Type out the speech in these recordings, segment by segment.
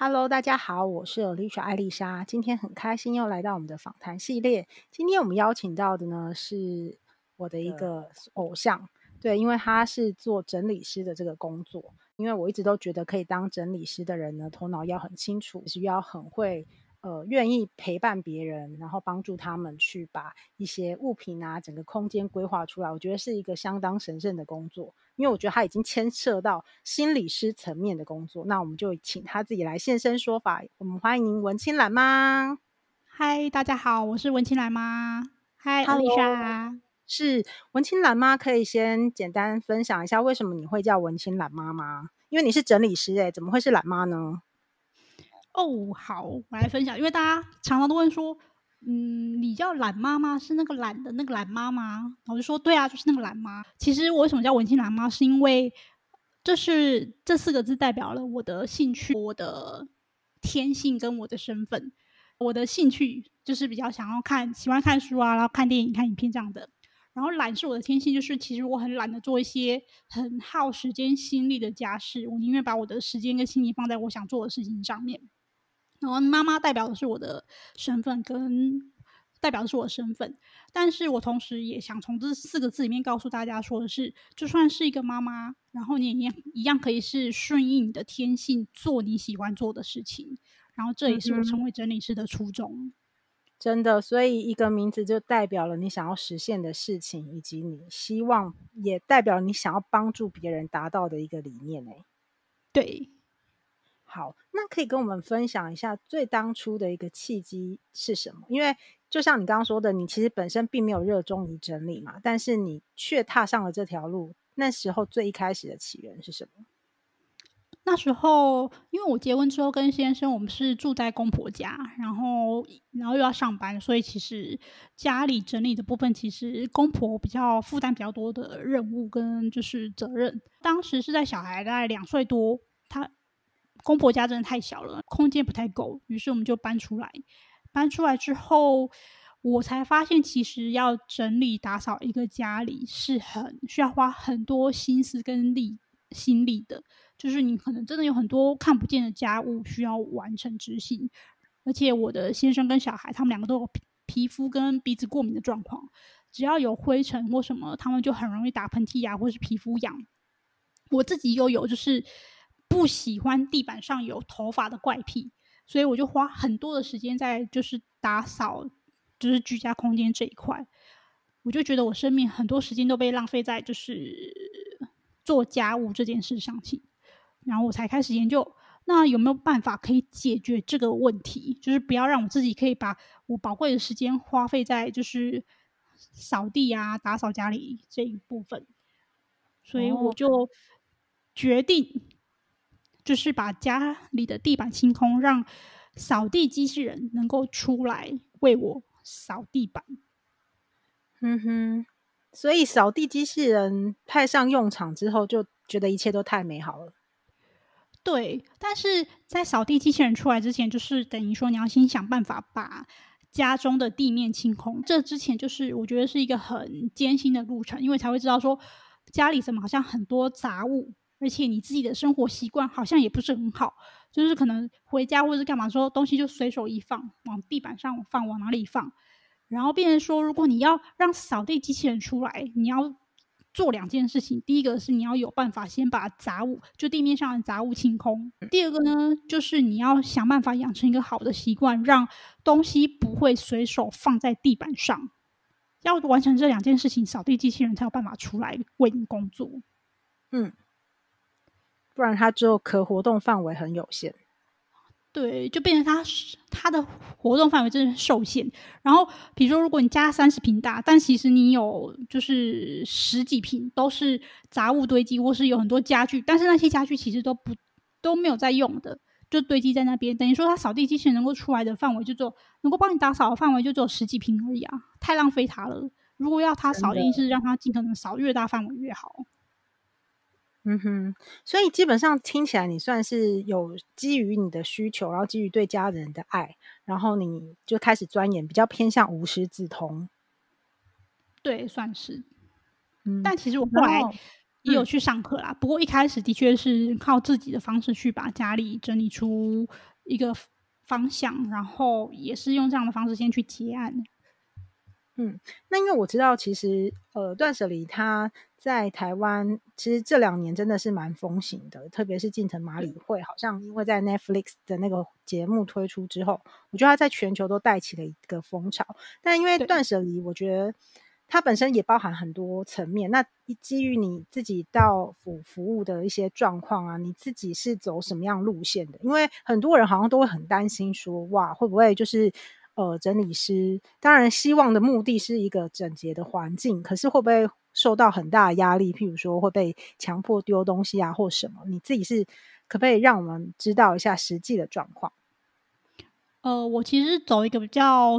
Hello，大家好，我是 Alicia 艾莉莎。今天很開心又來到我們的訪談系列。今天我們邀請到的呢，是我的一個偶像。對，因為他是做整理師的這個工作，因為我一直都覺得可以當整理師的人呢，頭腦要很清楚，是要很會。呃，願意陪伴別人，然後幫助他們去把一些物品啊，整個空間規劃出來，我覺得是一個相當神聖的工作，因為我覺得他已經牽涉到心理師層面的工作。那我們就請他自己來現身說法。我們歡迎文青懶媽。嗨，大家好，我是文青懶媽。嗨，艾莉莎。是文青懶媽，可以先簡單分享一下為什麼你會叫文青懶媽媽嗎？因為你是整理師誒、欸，怎麼會是懶媽呢？哦、oh，好，我來分享，因為大家常常都問說，嗯，你叫懶媽媽是那個懶的那個懶媽媽？我就說，對啊，就是那個懶媽。其實我為什麼叫文青懶媽，是因為這是這四個字代表了我的興趣、我的天性跟我的身份。我的興趣就是比較想要看、喜歡看書啊，然後看電影、看影片這樣的。然後懶是我的天性，就是其實我很懶得做一些很耗時間、心力的家事，我寧願把我的時間跟心力放在我想做的事情上面。然後，媽媽代表的是我的身份，跟代表的是我的身份。但是我同時也想從這四個字裡面告訴大家，說的是，就算是一個媽媽，然後你也一樣可以是順應你的天性，做你喜歡做的事情。然後，這也是我成為整理師的初衷。嗯，真的，所以一個名字就代表了你想要實現的事情，以及你希望，也代表你想要幫助別人達到的一個理念。哎，對。好，那可以跟我們分享一下最當初的一個契機是什麼？因為就像你剛剛說的，你其實本身並沒有熱衷於整理嘛，但是你卻踏上了這條路。那時候最一開始的起源是什麼？那時候，因為我結婚之後跟先生，我們是住在公婆家，然後，然後又要上班，所以其實家裡整理的部分，其實公婆比較負擔比較多的任務跟，就是責任。當時是在小孩大概兩歲多，他公婆家真的太小了，空間不太夠，於是我們就搬出來。搬出來之後，我才發現其實要整理打掃一個家裡是很需要花很多心思跟力心力的。就是你可能真的有很多看不見的家務需要完成執行。而且我的先生跟小孩他們兩個都有皮膚跟鼻子過敏的狀況，只要有灰塵或什麼，他們就很容易打噴嚏啊，或是皮膚癢。我自己又有就是。不喜歡地板上有頭髮的怪癖，所以我就花很多的時間在就是打掃，就是居家空間這一塊。我就覺得我生命很多時間都被浪費在就是做家務這件事上去，然後我才開始研究，那有沒有辦法可以解決這個問題？就是不要讓我自己可以把我寶貴的時間花費在就是掃地啊、打掃家裡這一部分。所以我就決定。就是把家裡的地板清空，讓掃地機器人能夠出來為我掃地板。嗯哼，所以掃地機器人派上用場之後，就覺得一切都太美好了。對，但是在掃地機器人出來之前，就是等於說你要先想辦法把家中的地面清空。這之前就是我覺得是一個很艱辛的路程，因為才會知道說家裡怎麼好像很多雜物。而且你自己的生活習慣好像也不是很好，就是可能回家或者幹嘛時候，說東西就隨手一放，往地板上放，往哪裡放。然後變成說，如果你要讓掃地機器人出來，你要做兩件事情。第一個是你要有辦法先把雜物，就地面上的雜物清空。第二個呢，就是你要想辦法養成一個好的習慣，讓東西不會隨手放在地板上。要完成這兩件事情，掃地機器人才有辦法出來為你工作。嗯。不然它之後可活動範圍很有限，對，就變成它它的活動範圍真是受限。然後，比如說，如果你家三十平大，但其實你有就是十幾平都是雜物堆積，或是有很多家具，但是那些家具其實都不都沒有在用的，就堆積在那邊。等於說，它掃地機器人能夠出來的範圍就只有能夠幫你打掃的範圍，就只有十幾平而已啊，太浪費它了。如果要它掃地，是讓它盡可能掃越大範圍越好。嗯哼，所以基本上聽起來，你算是有基於你的需求，然後基於對家人的愛，然後你就開始鑽研，比較偏向無師自通。對，算是、嗯。但其實我後來也有去上課啦、嗯。不過一開始的確是靠自己的方式去把家裡整理出一個方向，然後也是用這樣的方式先去接案。嗯，那因為我知道，其實呃，斷捨離它。在台灣，其實這兩年真的是蠻風行的，特別是近藤麻理惠，好像因為在 Netflix 的那個節目推出之後，我覺得它在全球都帶起了一個風潮。但因為斷捨離，我覺得它本身也包含很多層面。那基於你自己到服服務的一些狀況啊，你自己是走什麼樣路線的？因為很多人好像都會很擔心說，哇，會不會就是呃整理師？當然，希望的目的是一個整潔的環境，可是會不會？受到很大的壓力，譬如說會被強迫丟東西啊，或什麼？你自己是可不可以讓我們知道一下實際的狀況？呃，我其實走一個比較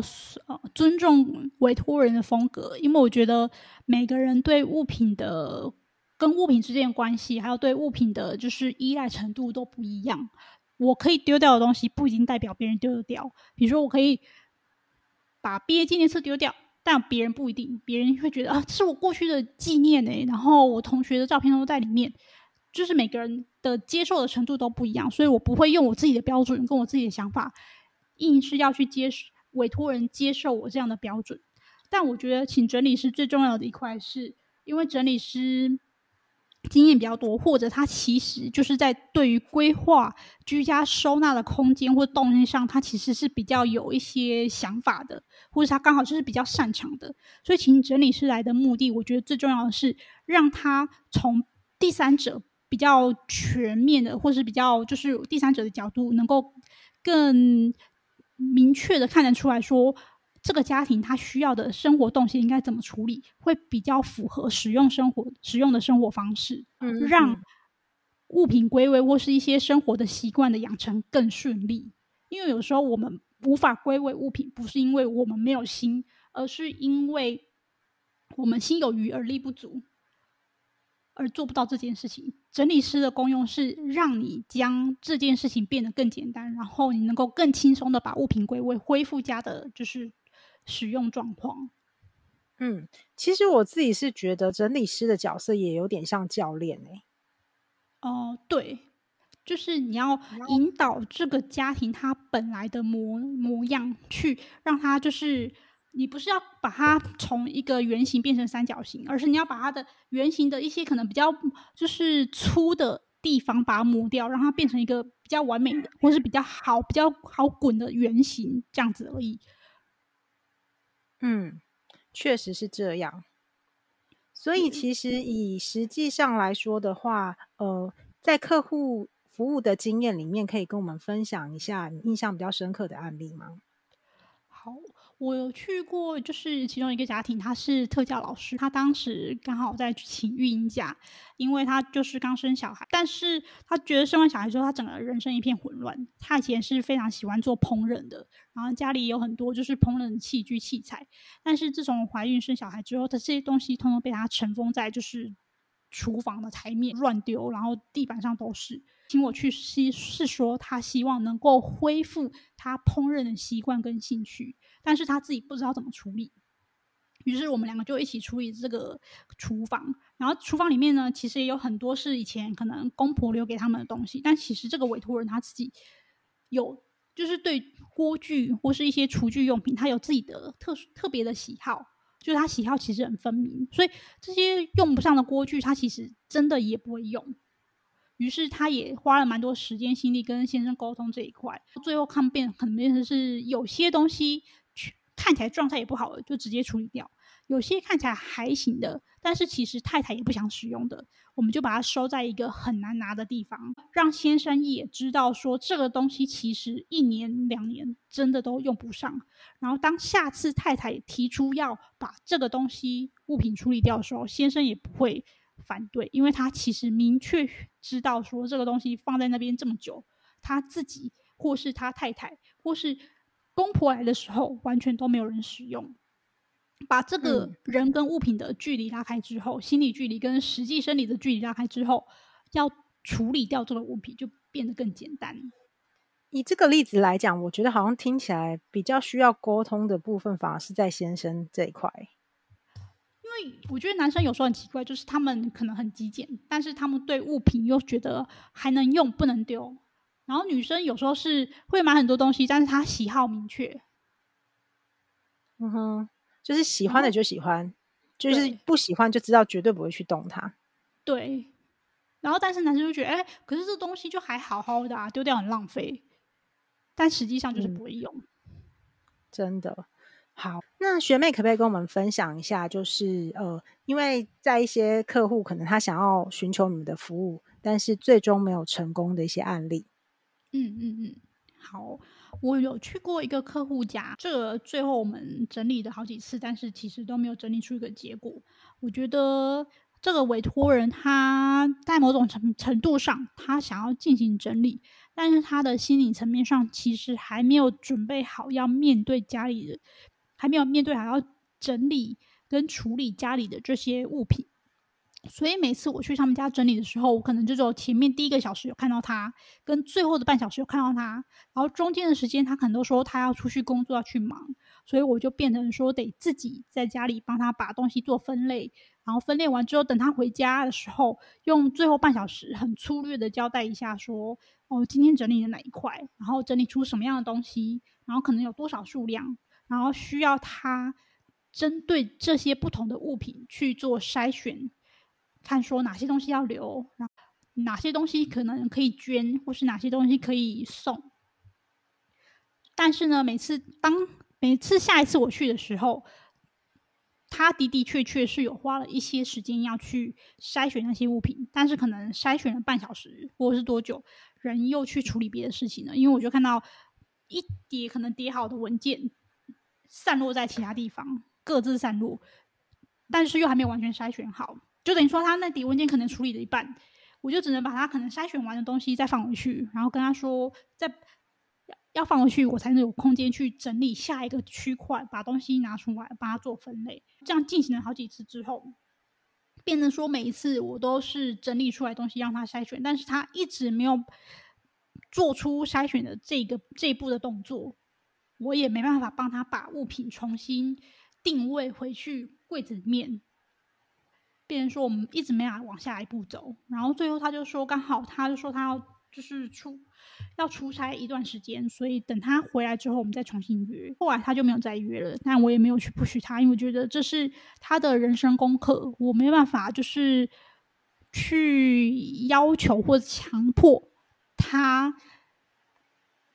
呃尊重委託人的風格，因為我覺得每個人對物品的跟物品之間的關係，還有對物品的就是依賴程度都不一樣。我可以丟掉的東西，不一定代表別人丟得掉。比如說，我可以把畢業紀念冊丟掉。但別人不一定，別人會覺得啊，這是我過去的紀念呢、欸。然後我同學的照片都在裡面，就是每個人的接受的程度都不一樣，所以我不會用我自己的標準跟我自己的想法，硬是要去接受委託人接受我這樣的標準。但我覺得，請整理師最重要的一塊是，是因為整理師。經驗比較多，或者他其實就是在對於規劃居家收納的空間或動線上，他其實是比較有一些想法的，或者他剛好就是比較擅長的。所以請整理師來的目的，我覺得最重要的是讓他從第三者比較全面的，或是比較就是第三者的角度，能夠更明確的看得出來說這個家庭他需要的生活動線應該怎麼處理，會比較符合使用生活使用的生活方式，呃、嗯嗯讓物品歸位或是一些生活的習慣的養成更順利。因為有時候我們無法歸位物品，不是因為我們沒有心，而是因為我們心有餘而力不足，而做不到這件事情。整理師的功用是讓你將這件事情變得更簡單，然後你能夠更輕鬆的把物品歸位，恢復家的就是。使用狀況，嗯，其實我自己是覺得整理師的角色也有點像教練哦、欸呃、對，就是你要引導這個家庭他本來的模模樣去讓他，就是你不是要把它從一個圓形變成三角形，而是你要把它的圓形的一些可能比較就是粗的地方把它磨掉，讓它變成一個比較完美的或是比較好、比較好滾的圓形這樣子而已。嗯，確實是這樣。所以，其實以實際上來說的話，呃，在客戶服務的經驗裡面，可以跟我們分享一下你印象比較深刻的案例嗎？好。我有去過，就是其中一個家庭，他是特教老師，他當時剛好在請育嬰假，因為他就是剛生小孩，但是他覺得生完小孩之後，他整個人生一片混亂。他以前是非常喜歡做烹飪的，然後家裡也有很多就是烹飪器具器材，但是自從懷孕生小孩之後，他這些東西通通被他塵封在就是。廚房的台面亂丟，然後地板上都是。請我去吸，是說他希望能夠恢復他烹飪的習慣跟興趣，但是他自己不知道怎麼處理。於是我們兩個就一起處理這個廚房。然後廚房裡面呢，其實也有很多是以前可能公婆留給他們的東西，但其實這個委托人他自己有，就是對鍋具或是一些廚具用品，他有自己的特特別的喜好。就是他喜好其實很分明，所以這些用不上的鍋具，他其實真的也不會用。於是他也花了蠻多時間心力跟先生溝通這一塊，最後抗辯很明顯是有些東西看起來狀態也不好，就直接處理掉；有些看起來還行的，但是其實太太也不想使用的，我們就把它收在一個很難拿的地方，讓先生也知道說這個東西其實一年兩年真的都用不上。然後當下次太太提出要把這個東西物品處理掉的時候，先生也不會反對，因為他其實明確知道說這個東西放在那邊這麼久，他自己或是他太太或是公婆來的時候，完全都沒有人使用。把這個人跟物品的距離拉開之後，嗯，心理距離跟實際生理的距離拉開之後，要處理掉這個物品就變得更簡單。以這個例子來講，我覺得好像聽起來比較需要溝通的部分，反而是在先生這一塊，因為我覺得男生有時候很奇怪，就是他們可能很極簡，但是他們對物品又覺得還能用，不能丟，然後女生有時候是會買很多東西，但是她喜好明確。嗯哼。就是喜歡的就喜歡、嗯，就是不喜歡就知道絕對不會去動它。對。然後，但是男生就覺得，哎，可是這東西就還好好的啊，丟掉很浪費。但實際上就是不會用。嗯、真的。好，那學妹可不可以跟我們分享一下，就是呃，因為在一些客戶可能他想要尋求你們的服務，但是最終沒有成功的一些案例。嗯嗯嗯。嗯好，我有去過一個客戶家，這個最後我們整理了好幾次，但是其實都沒有整理出一個結果。我覺得這個委托人他在某種程程度上，他想要進行整理，但是他的心理層面上其實還沒有準備好要面對家裡的，還沒有面對好要整理跟處理家裡的這些物品。所以每次我去他們家整理的時候，我可能就只有前面第一個小時有看到他，跟最後的半小時有看到他，然後中間的時間他可能都說他要出去工作要去忙，所以我就變成說得自己在家裡幫他把東西做分類，然後分類完之後等他回家的時候，用最後半小時很粗略的交代一下說，哦今天整理了哪一塊，然後整理出什麼樣的東西，然後可能有多少數量，然後需要他針對這些不同的物品去做篩選。看說哪些東西要留，然後哪些東西可能可以捐，或是哪些東西可以送。但是呢，每次當每次下一次我去的時候，他的的確確是有花了一些時間要去篩選那些物品，但是可能篩選了半小時或者是多久，人又去處理別的事情了。因為我就看到一疊可能疊好的文件散落在其他地方，各自散落，但是又還沒有完全篩選好。就等於說，他那底文件可能處理了一半，我就只能把他可能篩選完的東西再放回去，然後跟他說，再要放回去，我才能有空間去整理下一個區塊，把東西拿出來幫他做分類。這樣進行了好幾次之後，變成說每一次我都是整理出來東西讓他篩選，但是他一直沒有做出篩選的這個這一步的動作，我也沒辦法幫他把物品重新定位回去櫃子裡面。別人說，我們一直沒有往下一步走，然後最後他就說，剛好他就說他要就是出要出差一段時間，所以等他回來之後我們再重新約。後來他就沒有再約了，但我也沒有去不許他，因為我覺得這是他的人生功課，我沒辦法就是去要求或者強迫他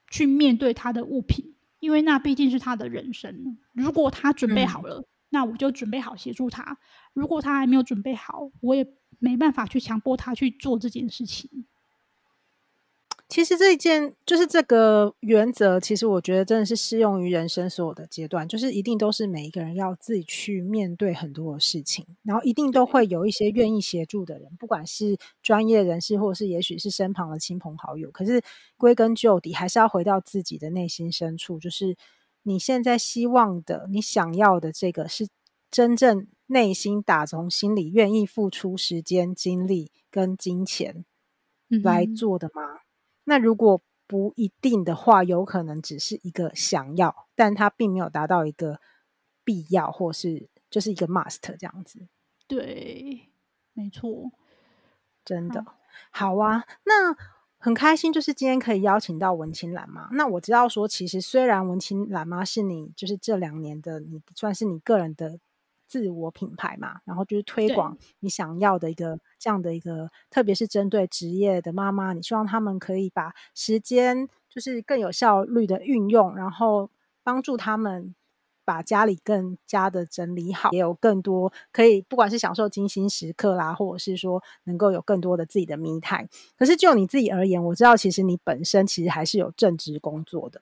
去面對他的物品，因為那畢竟是他的人生。如果他準備好了。嗯。那我就準備好協助他。如果他還沒有準備好，我也沒辦法去強迫他去做這件事情。其實這一件就是這個原則，其實我覺得真的是適用於人生所有的階段，就是一定都是每一個人要自己去面對很多的事情，然後一定都會有一些願意協助的人，不管是專業人士，或者是也許是身旁的親朋好友。可是歸根究底，還是要回到自己的內心深處，就是。你現在希望的、你想要的這個是真正內心打從心裡願意付出時間、精力跟金錢來做的嗎？嗯。那如果不一定的話，有可能只是一個想要，但它並沒有達到一個必要，或是就是一個 must 這樣子。對，沒錯，真的。好，好啊。那。很開心，就是今天可以邀請到文青懶媽。那我知道說，其實雖然文青懶媽是你，就是這兩年的你，算是你個人的自我品牌嘛。然後就是推廣你想要的一個這樣的一個，特別是針對職業的媽媽，你希望他們可以把時間就是更有效率的運用，然後幫助他們。把家裡更加的整理好，也有更多可以，不管是享受精心時刻啦，或者是說能夠有更多的自己的 me time。可是就你自己而言，我知道其實你本身其實還是有正職工作的。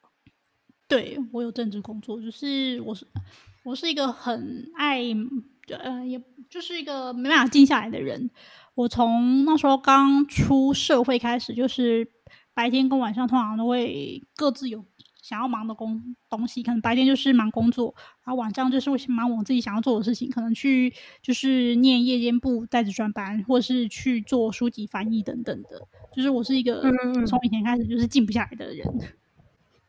對，我有正職工作，就是我是我是一個很愛，呃，也就是一個沒辦法靜下來的人。我從那時候剛出社會開始，就是白天跟晚上通常都會各自有想要忙的工東西，可能白天就是忙工作，然後晚上就是會忙我自己想要做的事情，可能去就是念夜間部在職專班，或是去做書籍翻譯等等的。就是我是一個從以前開始就是靜不下來的人。嗯嗯。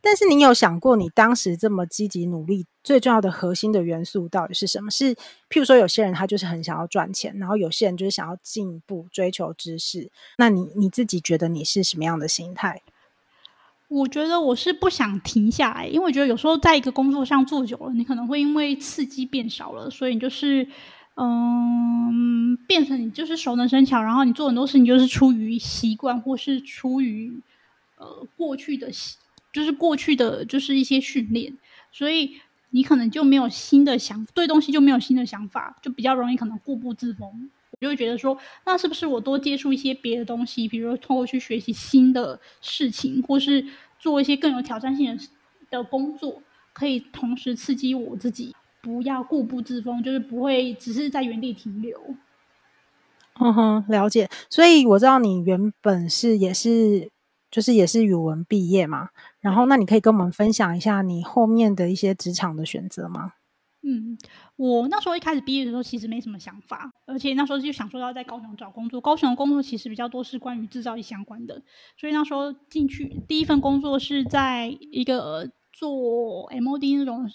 但是你有想過，你當時這麼積極努力，最重要的核心的元素到底是什麼？是譬如說，有些人他就是很想要賺錢，然後有些人就是想要進一步追求知識。那你你自己覺得你是什麼樣的心態？我覺得我是不想停下來，因為我覺得有時候在一個工作上做久了，你可能會因為刺激變少了，所以你就是，嗯，變成你就是熟能生巧，然後你做很多事情就是出於習慣，或是出於呃過去的，就是過去的就是一些訓練，所以你可能就沒有新的想，對東西就沒有新的想法，就比較容易可能固步自封。就會覺得說，那是不是我多接觸一些別的東西，比如說通過去學習新的事情，或是做一些更有挑戰性的的工作，可以同時刺激我自己，不要固步自封，就是不會只是在原地停留。嗯哼，了解。所以我知道你原本是也是，就是也是語文畢業嘛。然後那你可以跟我們分享一下你後面的一些職場的選擇嗎？嗯，我那時候一開始畢業的時候，其實沒什麼想法。而且那時候就想說要在高雄找工作，高雄的工作其實比較多是關於製造業相關的，所以那時候進去第一份工作是在一個做 MOD 那種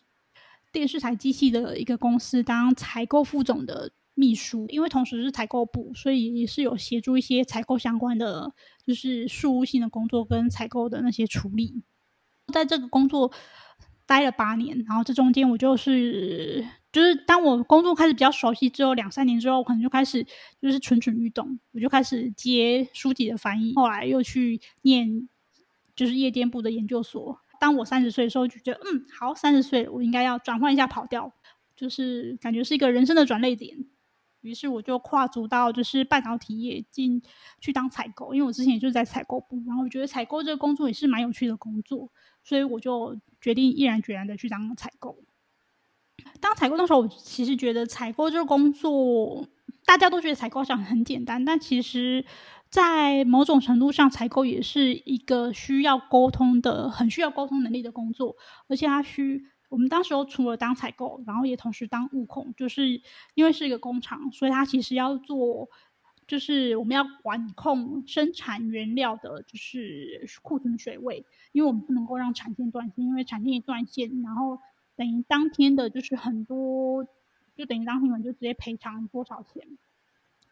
電視台機器的一個公司當採購副總的秘書，因為同時是採購部，所以也是有協助一些採購相關的就是事務性的工作跟採購的那些處理，在這個工作待了八年，然後這中間我就是。就是當我工作開始比較熟悉之後，兩三年之後，我可能就開始就是蠢蠢欲動，我就開始接書籍的翻譯，後來又去念就是夜間部的研究所。當我三十歲的時候，就覺得嗯好，三十歲我應該要轉換一下跑道，就是感覺是一個人生的轉捩點。於是我就跨足到就是半導體業進去當採購，因為我之前也就是在採購部，然後我覺得採購這個工作也是蠻有趣的工作，所以我就決定毅然決然的去當採購。當採購那時候，我其實覺得採購這個工作，大家都覺得採購上很簡單，但其實，在某種程度上，採購也是一個需要溝通的，很需要溝通能力的工作。而且它需我們當時候除了當採購，然後也同時當物控，就是因為是一個工廠，所以它其實要做，就是我們要管控生產原料的，就是庫存水位，因為我們不能夠讓產線斷線，因為產線一斷線，然後。等於當天的，就是很多，就等於當天你就直接賠償多少錢，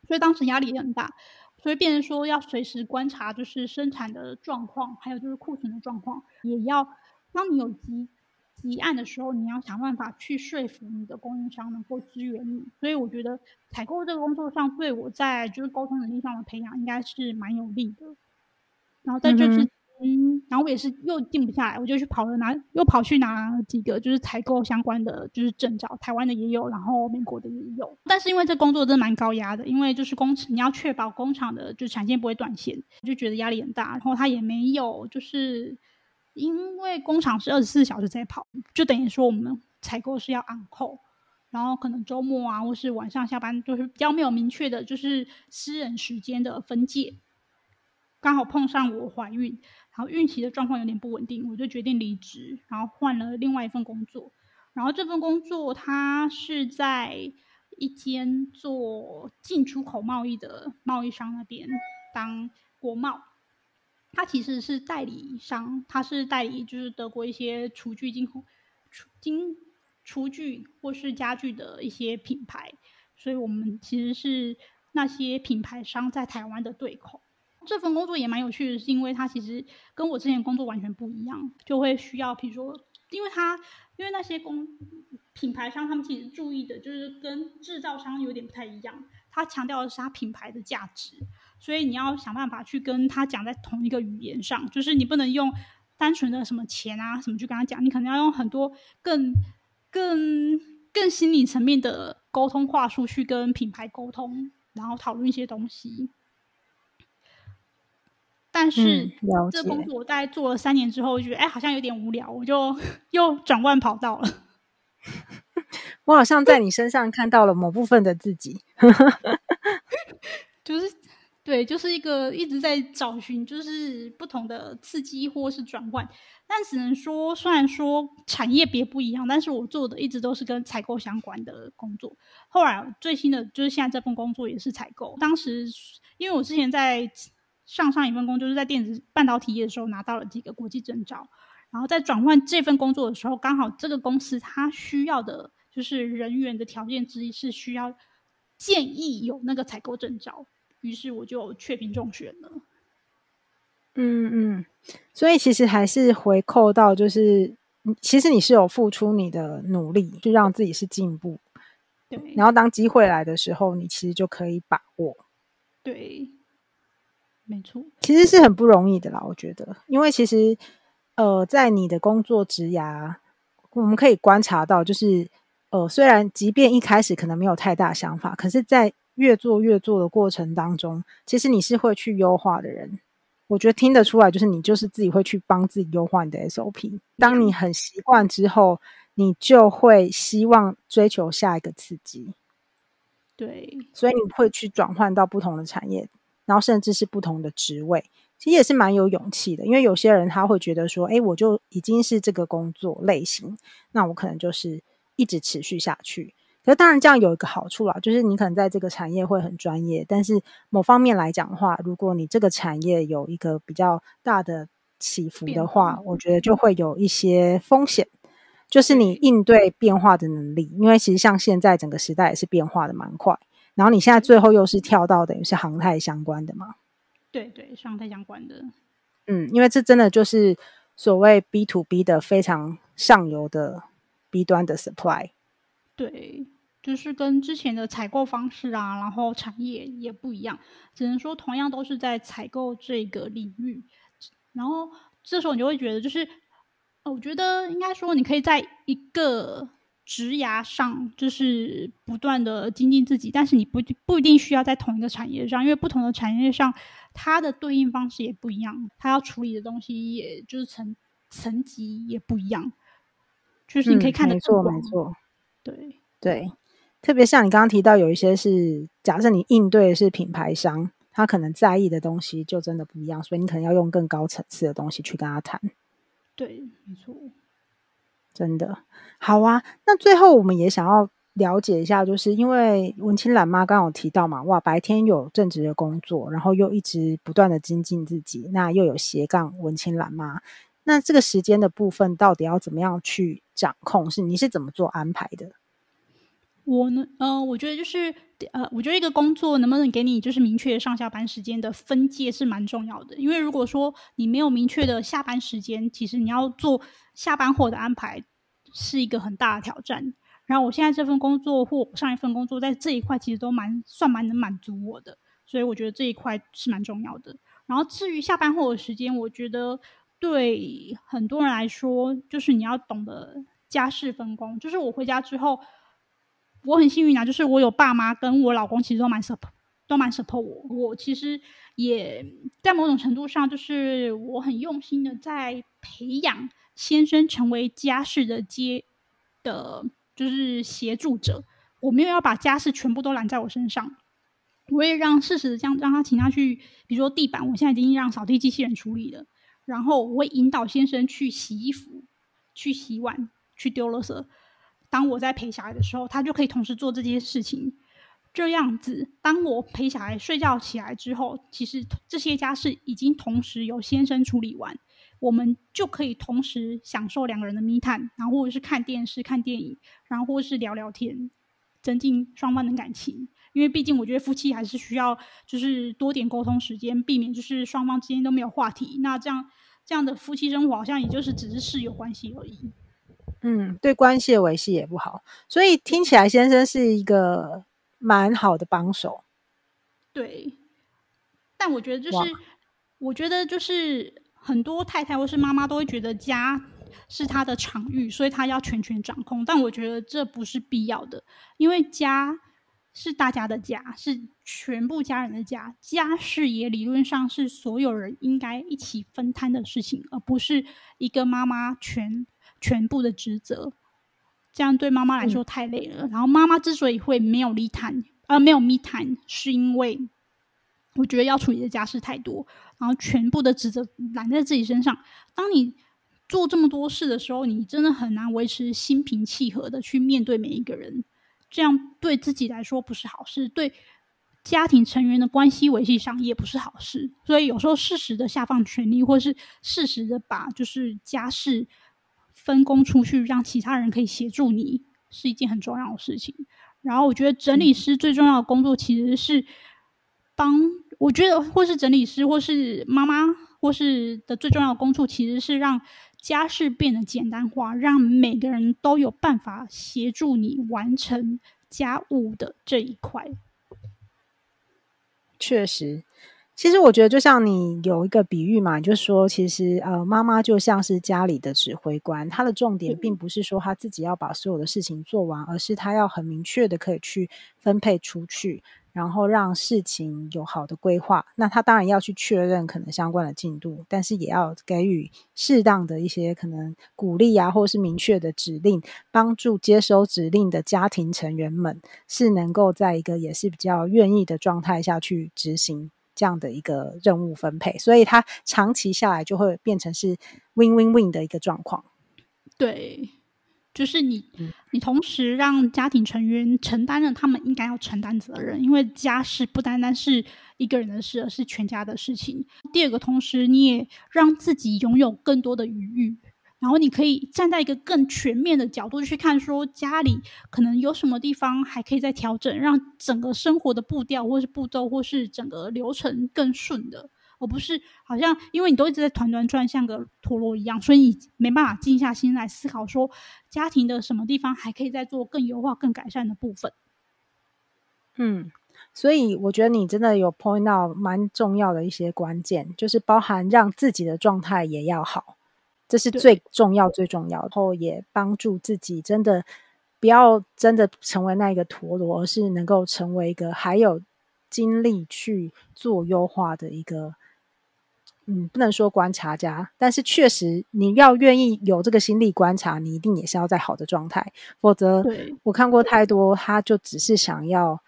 所以當時壓力也很大，所以變成說要隨時觀察就是生產的狀況，還有就是庫存的狀況，也要當你有急急案的時候，你要想辦法去說服你的供應商能夠支援你。所以我覺得採購這個工作上對我在就是溝通能力上的培養應該是蠻有利的。然後，嗯嗯，在這次嗯，然後我也是又定不下來，我就去跑了拿，又跑去拿幾個就是採購相關的就是證照，台灣的也有，然後美國的也有。但是因為這工作真的蠻高壓的，因為就是工廠你要確保工廠的就產線不會斷線，就覺得壓力很大。然後他也沒有就是，因為工廠是二十四小時在跑，就等於說我們採購是要按扣，然後可能週末啊或是晚上下班就是比較沒有明確的，就是私人時間的分界。剛好碰上我懷孕。然後孕期的狀況有點不穩定，我就決定離職，然後換了另外一份工作。然後這份工作，它是在一間做進出口貿易的貿易商那邊當國貿。他其實是代理商，他是代理就是德國一些廚具進口廚、精廚具或是家具的一些品牌，所以我們其實是那些品牌商在台灣的對口。這份工作也蠻有趣的，是因為它其實跟我之前工作完全不一樣，就會需要，比如說，因為它，因為那些工品牌商他們其實注意的就是跟製造商有點不太一樣，他強調的是他品牌的價值，所以你要想辦法去跟他講在同一個語言上，就是你不能用單純的什麼錢啊，什麼去跟他講，你可能要用很多更、更、更心理層面的溝通話術去跟品牌溝通，然後討論一些東西。但是，嗯，這工作我大概做了三年之後，我覺得哎，好像有點無聊，我就又轉換跑道了。 我好像在你身上看到了某部分的自己， 就是對，就是一個一直在找尋，就是不同的刺激或是轉換。但只能說，雖然說產業別不一樣，但是我做的一直都是跟採購相關的工作。後來最新的就是現在這份工作也是採購。當時因為我之前在上上一份工作就是在電子半導體業的時候拿到了幾個國際證照，然後在轉換這份工作的時候，剛好這個公司它需要的，就是人員的條件之一是需要建議有那個採購證照，於是我就雀屏中選了。嗯嗯，所以其實還是回扣到就是，其實你是有付出你的努力，就讓自己是進步。對。然後當機會來的時候，你其實就可以把握。對。沒錯，其實是很不容易的啦。我覺得，因為其實，呃，在你的工作職涯，我們可以觀察到，就是，呃，雖然即便一開始可能沒有太大想法，可是，在越做越做的過程當中，其實你是會去優化的人。我覺得聽得出來，就是你就是自己會去幫自己優化你的 SOP。當你很習慣之後，你就會希望追求下一個刺激。對，所以你會去轉換到不同的產業。然後甚至是不同的職位，其實也是蠻有勇氣的，因為有些人他會覺得說，哎，我就已經是這個工作類型，那我可能就是一直持續下去。可是當然這樣有一個好處啦，就是你可能在這個產業會很專業，但是某方面來講的話，如果你這個產業有一個比較大的起伏的話，我覺得就會有一些風險，就是你應對變化的能力，因為其實像現在整個時代也是變化的蠻快。然後你現在最後又是跳到等於是航太相關的嗎？對對，是航太相關的。嗯，因為這真的就是所謂 B to B 的非常上游的 B 端的 supply。對，就是跟之前的採購方式啊，然後產業也，也不一樣，只能說同樣都是在採購這個領域。然後這時候你就會覺得，就是呃，我覺得應該說你可以在一個。職涯上就是不斷的精進自己，但是你不不一定需要在同一個產業上，因為不同的產業上，它的對應方式也不一樣，它要處理的東西也就是層層級也不一樣，就是你可以看得出、嗯，沒錯，沒錯。對對，特別像你剛剛提到，有一些是假設你應對的是品牌商，他可能在意的東西就真的不一樣，所以你可能要用更高層次的東西去跟他談。對，沒錯。真的好啊。那最後我們也想要了解一下，就是因為文青懶媽剛剛有提到嘛，哇，白天有正職的工作，然後又一直不斷的精進自己，那又有斜槓文青懶媽，那這個時間的部分到底要怎麼樣去掌控？是你是怎麼做安排的？我呢，呃，我覺得就是，呃，我覺得一個工作能不能給你就是明確上下班時間的分界是蠻重要的，因為如果說你沒有明確的下班時間，其實你要做下班後的安排是一個很大的挑戰。然後我現在這份工作或上一份工作在這一塊其實都蠻算蠻能滿足我的，所以我覺得這一塊是蠻重要的。然後至於下班後的時間，我覺得對很多人來說，就是你要懂得家事分工，就是我回家之後。我很幸運啊，就是我有爸媽跟我老公，其實都蠻 support，都蠻 support 我。我其實也在某種程度上，就是我很用心的在培養先生成為家事的接的，就是協助者。我沒有要把家事全部都攬在我身上，我也讓適時的這樣讓他請他去，比如說地板，我現在已經讓掃地機器人處理了。然後我會引導先生去洗衣服、去洗碗、去丟垃圾。當我在陪小孩的時候，他就可以同時做這些事情。這樣子，當我陪小孩睡覺起來之後，其實這些家事已經同時由先生處理完，我們就可以同時享受兩個人的密談，然後或者是看電視、看電影，然後或是聊聊天，增進雙方的感情。因為畢竟我覺得夫妻還是需要就是多點溝通時間，避免就是雙方之間都沒有話題。那這樣這樣的夫妻生活好像也就是只是室友關係而已。嗯，對關係的維繫也不好，所以聽起來先生是一個蠻好的幫手。對，但我覺得就是，我覺得就是很多太太或是媽媽都會覺得家是她的場域，所以她要全權掌控。但我覺得這不是必要的，因為家是大家的家，是全部家人的家。家事也理論上是所有人應該一起分攤的事情，而不是一個媽媽全。全部的職責，這樣對媽媽來說太累了。嗯、然後媽媽之所以會沒有離談，而、呃、沒有密談，是因為我覺得要處理的家事太多，然後全部的職責攬在自己身上。當你做這麼多事的時候，你真的很難維持心平氣和的去面對每一個人。這樣對自己來說不是好事，對家庭成員的關係維繫上也不是好事。所以有時候適時的下放權力，或是適時的把就是家事。分工出去，讓其他人可以協助你，是一件很重要的事情。然後，我覺得整理師最重要的工作其實是幫，我覺得，或是整理師，或是媽媽，或是的最重要的工作其實是讓家事變得簡單化，讓每個人都有辦法協助你完成家務的這一塊。確實。其實我覺得，就像你有一個比喻嘛，你就說其實呃，媽媽就像是家裡的指揮官。她的重點並不是說她自己要把所有的事情做完，而是她要很明確的可以去分配出去，然後讓事情有好的規劃。那她當然要去確認可能相關的進度，但是也要給予適當的一些可能鼓勵啊，或是明確的指令，幫助接收指令的家庭成員們是能夠在一個也是比較願意的狀態下去執行。這樣的一個任務分配，所以它長期下來就會變成是 win-win-win 的一個狀況。對，就是你，嗯、你同時讓家庭成員承擔了他們應該要承擔責任，因為家事不單單是一個人的事，而是全家的事情。第二個，同時你也讓自己擁有更多的餘裕。然後你可以站在一個更全面的角度去看，說家裡可能有什麼地方還可以再調整，讓整個生活的步調或是步驟或是整個流程更順的，而不是好像因為你都一直在團團轉，像個陀螺一樣，所以你沒辦法靜下心來思考說家庭的什麼地方還可以再做更優化、更改善的部分。嗯，所以我覺得你真的有 point 到蠻重要的一些關鍵，就是包含讓自己的狀態也要好。這是最重要、最重要，然後也幫助自己，真的不要真的成為那個陀螺，而是能夠成為一個還有精力去做優化的一個。嗯，不能說觀察家，但是確實你要願意有這個心力觀察，你一定也是要在好的狀態，否則我看過太多，他就只是想要。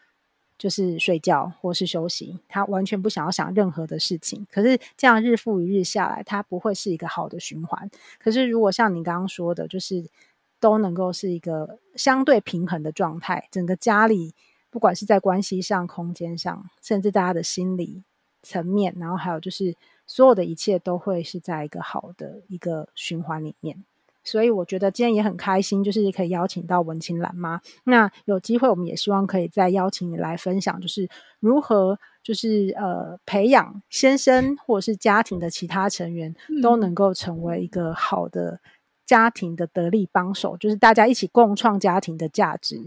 就是睡覺或是休息，他完全不想要想任何的事情。可是這樣日復一日下來，他不會是一個好的循環。可是如果像你剛剛說的，就是都能夠是一個相對平衡的狀態，整個家裡，不管是在關係上、空間上，甚至大家的心理層面，然後還有就是所有的一切都會是在一個好的一個循環裡面。所以我覺得今天也很開心，就是可以邀請到文青懶媽。那有機會，我們也希望可以再邀請你來分享，就是如何，就是呃，培養先生或者是家庭的其他成員都能夠成為一個好的家庭的得力幫手，嗯、就是大家一起共創家庭的價值。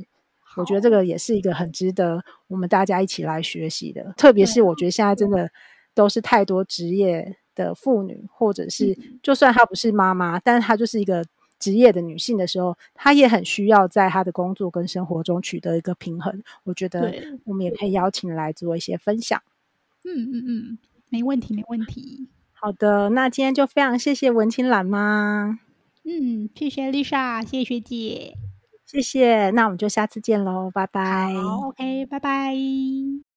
我覺得這個也是一個很值得我們大家一起來學習的，特別是我覺得現在真的都是太多職業。的婦女，或者是就算她不是媽媽，但她就是一個職業的女性的時候，她也很需要在她的工作跟生活中取得一個平衡。我覺得我們也可以邀請來做一些分享。嗯嗯嗯，沒問題，沒問題。好的，那今天就非常謝謝文青懶媽。嗯，謝謝 Lisa，謝謝學姐，謝謝。那我們就下次見嘍，拜拜。好，OK，拜拜。Okay, bye bye